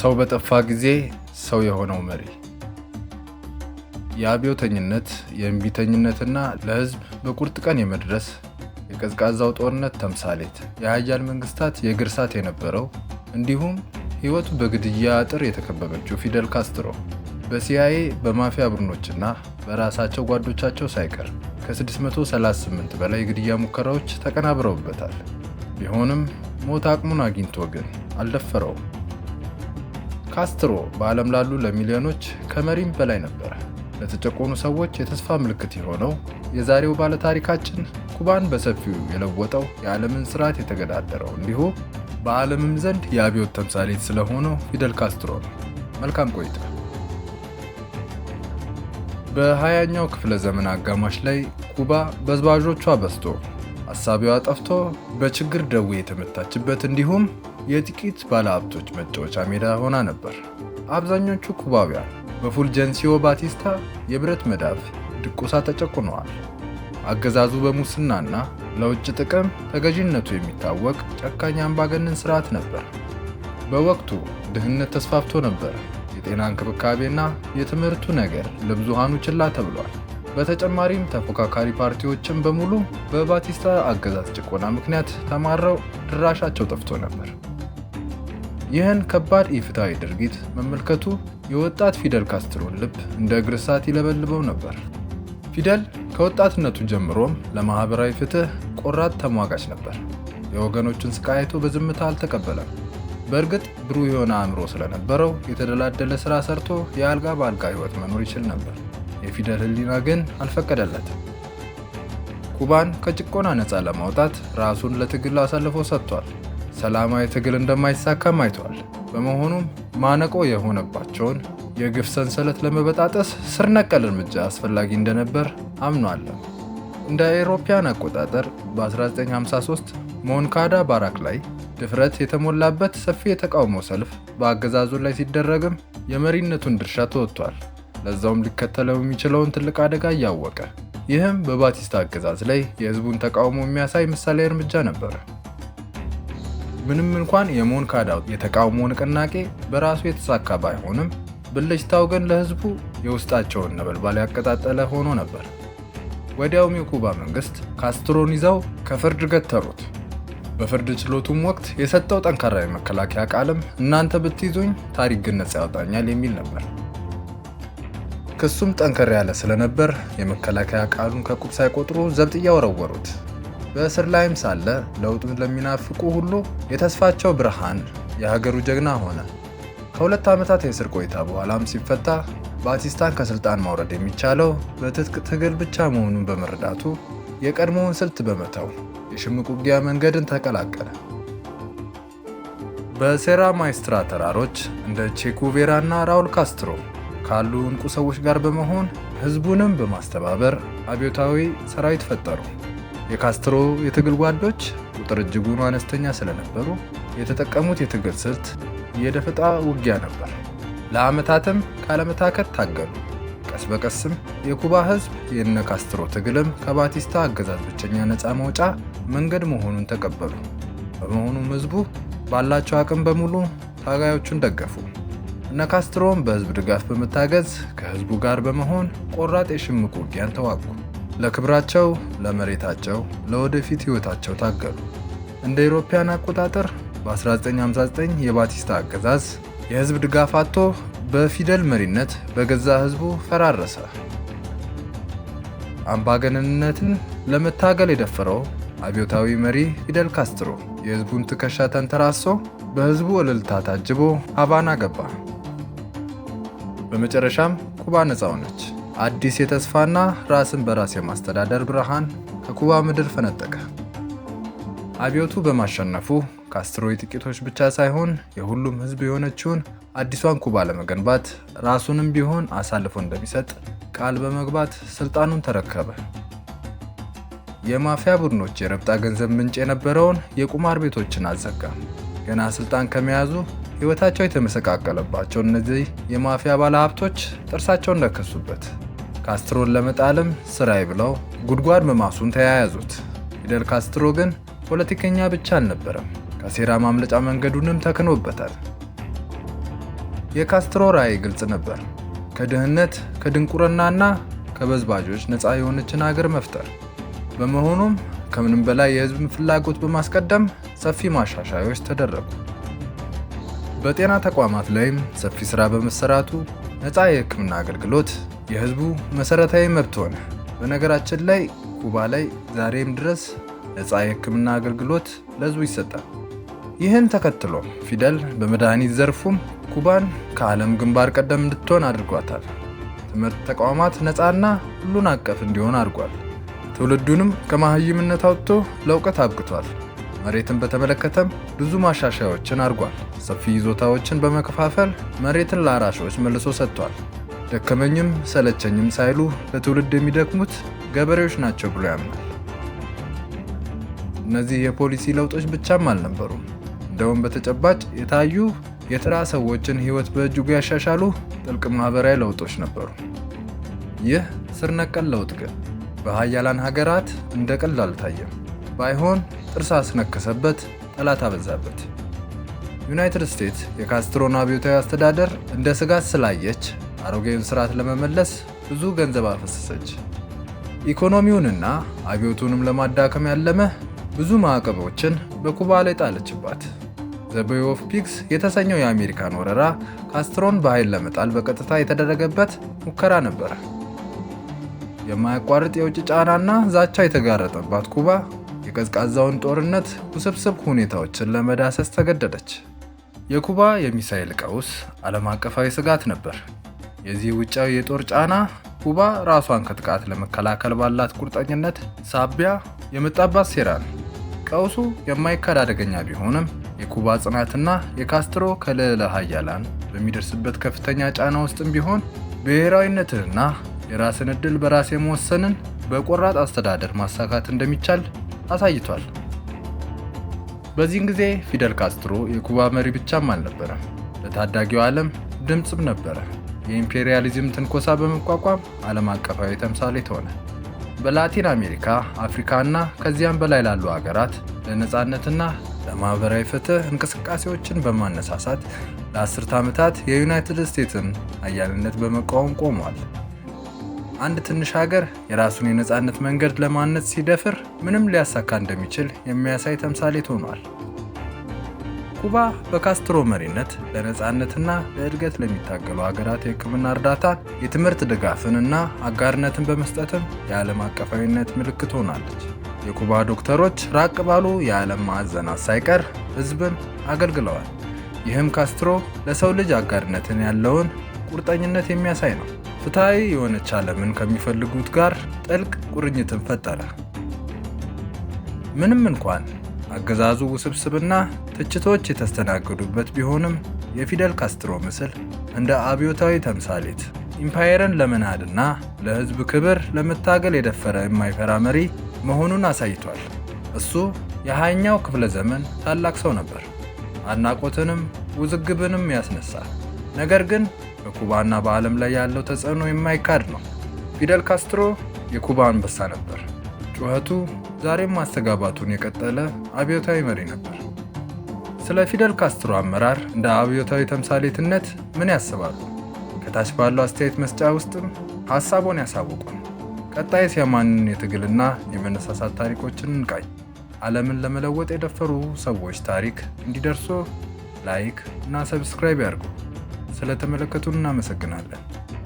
ሰው በጠፋ ጊዜ ሰው የሆነው መሪ የአብዮተኝነት የእምቢተኝነትና ለህዝብ በቁርጥ ቀን የመድረስ የቀዝቃዛው ጦርነት ተምሳሌት የሀያል መንግስታት የግርሳት የነበረው እንዲሁም ህይወቱ በግድያ አጥር የተከበበችው ፊደል ካስትሮ በሲአይኤ በማፊያ ቡድኖችና በራሳቸው ጓዶቻቸው ሳይቀር ከ638 በላይ የግድያ ሙከራዎች ተቀናብረውበታል። ቢሆንም ሞት አቅሙን አግኝቶ ግን አልደፈረውም። ካስትሮ በዓለም ላሉ ለሚሊዮኖች ከመሪም በላይ ነበረ። ለተጨቆኑ ሰዎች የተስፋ ምልክት የሆነው የዛሬው ባለታሪካችን ኩባን በሰፊው የለወጠው የዓለምን ስርዓት የተገዳደረው እንዲሁ በዓለምም ዘንድ የአብዮት ተምሳሌት ስለሆነው ፊደል ካስትሮ ነው። መልካም ቆይታ። በሀያኛው ክፍለ ዘመን አጋማሽ ላይ ኩባ በዝባዦቿ በዝቶ አሳቢዋ ጠፍቶ በችግር ደዌ የተመታችበት እንዲሁም የጥቂት ባለሀብቶች መጫወቻ ሜዳ ሆና ነበር። አብዛኞቹ ኩባውያን በፉልጀንሲዮ ባቲስታ የብረት መዳፍ ድቆሳ ተጨቁነዋል። አገዛዙ በሙስናና ለውጭ ጥቅም ተገዥነቱ የሚታወቅ ጨካኝ አምባገነን ስርዓት ነበር። በወቅቱ ድህነት ተስፋፍቶ ነበር። የጤና እንክብካቤና የትምህርቱ ነገር ለብዙሃኑ ችላ ተብሏል። በተጨማሪም ተፎካካሪ ፓርቲዎችን በሙሉ በባቲስታ አገዛዝ ጭቆና ምክንያት ተማረው ድራሻቸው ጠፍቶ ነበር። ይህን ከባድ ኢፍትሐዊ ድርጊት መመልከቱ የወጣት ፊደል ካስትሮን ልብ እንደ እግር እሳት ይለበልበው ነበር። ፊደል ከወጣትነቱ ጀምሮም ለማኅበራዊ ፍትሕ ቆራጥ ተሟጋች ነበር። የወገኖችን ስቃይ አይቶ በዝምታ አልተቀበለም። በእርግጥ ብሩህ የሆነ አእምሮ ስለነበረው የተደላደለ ሥራ ሰርቶ የአልጋ በአልጋ ሕይወት መኖር ይችል ነበር። የፊደል ህሊና ግን አልፈቀደለትም። ኩባን ከጭቆና ነፃ ለማውጣት ራሱን ለትግል አሳልፎ ሰጥቷል። ሰላማዊ ትግል እንደማይሳካም አይተዋል። በመሆኑም ማነቆ የሆነባቸውን የግፍ ሰንሰለት ለመበጣጠስ ስር ነቀል እርምጃ አስፈላጊ እንደነበር አምኗለን። እንደ አውሮፓውያን አቆጣጠር በ1953 ሞንካዳ ባራክ ላይ ድፍረት የተሞላበት ሰፊ የተቃውሞ ሰልፍ በአገዛዙ ላይ ሲደረግም የመሪነቱን ድርሻ ተወጥቷል። ለዛውም ሊከተለው የሚችለውን ትልቅ አደጋ እያወቀ ይህም በባቲስታ አገዛዝ ላይ የህዝቡን ተቃውሞ የሚያሳይ ምሳሌ እርምጃ ነበር። ምንም እንኳን ካዳው የተቃውሞ ንቅናቄ በራሱ የተሳካ ባይሆንም ብልጭታው ግን ለህዝቡ የውስጣቸውን ነበልባል ያቀጣጠለ ሆኖ ነበር። ወዲያውም የኩባ መንግስት ካስትሮን ይዘው ከፍርድ ገተሩት። በፍርድ ችሎቱም ወቅት የሰጠው ጠንካራ የመከላከያ ቃልም እናንተ ብትይዙኝ ታሪክ ግነጻ ያወጣኛል የሚል ነበር። ክሱም ጠንከር ያለ ስለነበር የመከላከያ ቃሉን ከቁብ ሳይቆጥሩ ዘብጥያ ወረወሩት። በእስር ላይም ሳለ ለውጡን ለሚናፍቁ ሁሉ የተስፋቸው ብርሃን የሀገሩ ጀግና ሆነ። ከሁለት ዓመታት የእስር ቆይታ በኋላም ሲፈታ ባቲስታን ከስልጣን ማውረድ የሚቻለው በትጥቅ ትግል ብቻ መሆኑን በመረዳቱ የቀድሞውን ስልት በመተው የሽምቅ ውጊያ መንገድን ተቀላቀለ። በሴራ ማይስትራ ተራሮች እንደ ቼኩቬራ እና ራውል ካስትሮ ካሉ እንቁ ሰዎች ጋር በመሆን ህዝቡንም በማስተባበር አብዮታዊ ሰራዊት ፈጠሩ። የካስትሮ የትግል ጓዶች ቁጥር እጅጉኑ አነስተኛ ስለነበሩ የተጠቀሙት የትግል ስልት የደፈጣ ውጊያ ነበር። ለዓመታትም ካለመታከት ታገሉ። ቀስ በቀስም የኩባ ሕዝብ የነ ካስትሮ ትግልም ከባቲስታ አገዛዝ ብቸኛ ነፃ መውጫ መንገድ መሆኑን ተቀበሉ። በመሆኑም ሕዝቡ ባላቸው አቅም በሙሉ ታጋዮቹን ደገፉ። እነ ካስትሮም በሕዝብ ድጋፍ በመታገዝ ከሕዝቡ ጋር በመሆን ቆራጥ የሽምቅ ውጊያን ተዋጉ። ለክብራቸው፣ ለመሬታቸው፣ ለወደፊት ህይወታቸው ታገሉ። እንደ ኢሮፓያን አቆጣጠር በ1959 የባቲስታ አገዛዝ የህዝብ ድጋፍ አጥቶ በፊደል መሪነት በገዛ ህዝቡ ፈራረሰ። አምባገነንነትን ለመታገል የደፈረው አብዮታዊ መሪ ፊደል ካስትሮ የህዝቡን ትከሻ ተንተራሶ በህዝቡ እልልታ ታጅቦ ሀቫና ገባ። በመጨረሻም ኩባ ነፃ ሆነች። አዲስ የተስፋና ራስን በራስ የማስተዳደር ብርሃን ከኩባ ምድር ፈነጠቀ። አብዮቱ በማሸነፉ ካስትሮ የጥቂቶች ብቻ ሳይሆን የሁሉም ሕዝብ የሆነችውን አዲሷን ኩባ ለመገንባት ራሱንም ቢሆን አሳልፎ እንደሚሰጥ ቃል በመግባት ስልጣኑን ተረከበ። የማፊያ ቡድኖች የረብጣ ገንዘብ ምንጭ የነበረውን የቁማር ቤቶችን አዘጋ። ገና ስልጣን ከመያዙ ሕይወታቸው የተመሰቃቀለባቸው እነዚህ የማፊያ ባለሀብቶች ጥርሳቸውን ነከሱበት። ካስትሮን ለመጣልም ስራይ ብለው ጉድጓድ መማሱን ተያያዙት። ፊደል ካስትሮ ግን ፖለቲከኛ ብቻ አልነበረም፣ ከሴራ ማምለጫ መንገዱንም ተክኖበታል። የካስትሮ ራዕይ ግልጽ ነበር። ከድህነት ከድንቁርናና ከበዝባዦች ነፃ የሆነችን አገር መፍጠር። በመሆኑም ከምንም በላይ የህዝብን ፍላጎት በማስቀደም ሰፊ ማሻሻያዎች ተደረጉ። በጤና ተቋማት ላይም ሰፊ ስራ በመሰራቱ ነፃ የህክምና አገልግሎት የህዝቡ መሰረታዊ መብት ሆነ። በነገራችን ላይ ኩባ ላይ ዛሬም ድረስ ነፃ የህክምና አገልግሎት ለህዝቡ ይሰጣል። ይህን ተከትሎ ፊደል በመድኃኒት ዘርፉም ኩባን ከዓለም ግንባር ቀደም እንድትሆን አድርጓታል። ትምህርት ተቋማት ነፃና ሁሉን አቀፍ እንዲሆን አድርጓል። ትውልዱንም ከማህይምነት አውጥቶ ለእውቀት አብቅቷል። መሬትን በተመለከተም ብዙ ማሻሻያዎችን አድርጓል። ሰፊ ይዞታዎችን በመከፋፈል መሬትን ለአራሾች መልሶ ሰጥቷል። ደከመኝም ሰለቸኝም ሳይሉ ለትውልድ የሚደክሙት ገበሬዎች ናቸው ብሎ ያምናል። እነዚህ የፖሊሲ ለውጦች ብቻም አልነበሩም። እንደውም በተጨባጭ የታዩ የተራ ሰዎችን ሕይወት በእጅጉ ያሻሻሉ ጥልቅ ማህበራዊ ለውጦች ነበሩ። ይህ ስር ነቀል ለውጥ ግን በሀያላን ሀገራት እንደ ቀልድ አልታየም። ባይሆን ጥርስ አስነከሰበት፣ ጠላት አበዛበት። ዩናይትድ ስቴትስ የካስትሮን አብዮታዊ አስተዳደር እንደ ስጋት ስላየች አሮጌውን ስርዓት ለመመለስ ብዙ ገንዘብ አፈሰሰች። ኢኮኖሚውንና አብዮቱንም ለማዳከም ያለመ ብዙ ማዕቀቦችን በኩባ ላይ ጣለችባት። ዘቤይ ኦፍ ፒግስ የተሰኘው የአሜሪካን ወረራ ካስትሮን በኃይል ለመጣል በቀጥታ የተደረገበት ሙከራ ነበር። የማያቋርጥ የውጭ ጫናና ዛቻ የተጋረጠባት ኩባ የቀዝቃዛውን ጦርነት ውስብስብ ሁኔታዎችን ለመዳሰስ ተገደደች። የኩባ የሚሳኤል ቀውስ ዓለም አቀፋዊ ስጋት ነበር። የዚህ ውጫዊ የጦር ጫና ኩባ ራሷን ከጥቃት ለመከላከል ባላት ቁርጠኝነት ሳቢያ የመጣባት ሴራ ነው። ቀውሱ የማይካድ አደገኛ ቢሆንም የኩባ ጽናትና የካስትሮ ከልዕለ ሀያላን በሚደርስበት ከፍተኛ ጫና ውስጥም ቢሆን ብሔራዊነትንና የራስን ዕድል በራስ የመወሰንን በቆራጥ አስተዳደር ማሳካት እንደሚቻል አሳይቷል። በዚህን ጊዜ ፊደል ካስትሮ የኩባ መሪ ብቻም አልነበረም፣ ለታዳጊው ዓለም ድምፅም ነበረ። የኢምፔሪያሊዝም ትንኮሳ በመቋቋም ዓለም አቀፋዊ ተምሳሌት ሆነ። በላቲን አሜሪካ፣ አፍሪካና ከዚያም በላይ ላሉ ሀገራት ለነፃነትና ለማኅበራዊ ፍትህ እንቅስቃሴዎችን በማነሳሳት ለአስርተ ዓመታት የዩናይትድ ስቴትስን አያልነት በመቃወም ቆሟል። አንድ ትንሽ ሀገር የራሱን የነፃነት መንገድ ለማነጽ ሲደፍር ምንም ሊያሳካ እንደሚችል የሚያሳይ ተምሳሌት ሆኗል። ኩባ በካስትሮ መሪነት ለነፃነትና ለእድገት ለሚታገሉ ሀገራት የሕክምና እርዳታ፣ የትምህርት ድጋፍንና አጋርነትን በመስጠትም የዓለም አቀፋዊነት ምልክት ሆናለች። የኩባ ዶክተሮች ራቅ ባሉ የዓለም ማዕዘናት ሳይቀር ሕዝብን አገልግለዋል። ይህም ካስትሮ ለሰው ልጅ አጋርነትን ያለውን ቁርጠኝነት የሚያሳይ ነው። ፍትሐዊ የሆነች ዓለምን ከሚፈልጉት ጋር ጥልቅ ቁርኝትን ፈጠረ። ምንም እንኳን አገዛዙ ውስብስብና ትችቶች የተስተናገዱበት ቢሆንም የፊደል ካስትሮ ምስል እንደ አብዮታዊ ተምሳሌት ኢምፓየርን ለመናድና ለሕዝብ ክብር ለመታገል የደፈረ የማይፈራ መሪ መሆኑን አሳይቷል። እሱ የሃያኛው ክፍለ ዘመን ታላቅ ሰው ነበር። አድናቆትንም ውዝግብንም ያስነሳ፣ ነገር ግን በኩባና በዓለም ላይ ያለው ተጽዕኖ የማይካድ ነው። ፊደል ካስትሮ የኩባ አንበሳ ነበር። ጩኸቱ ዛሬም ማስተጋባቱን የቀጠለ አብዮታዊ መሪ ነበር። ስለ ፊደል ካስትሮ አመራር እንደ አብዮታዊ ተምሳሌትነት ምን ያስባሉ? ከታች ባለው አስተያየት መስጫ ውስጥም ሀሳቦን ያሳውቁን። ቀጣይስ የማንን የትግልና የመነሳሳት ታሪኮችን እንቃኝ። ዓለምን ለመለወጥ የደፈሩ ሰዎች ታሪክ እንዲደርሶ ላይክ እና ሰብስክራይብ ያድርጉ። ስለተመለከቱን እናመሰግናለን።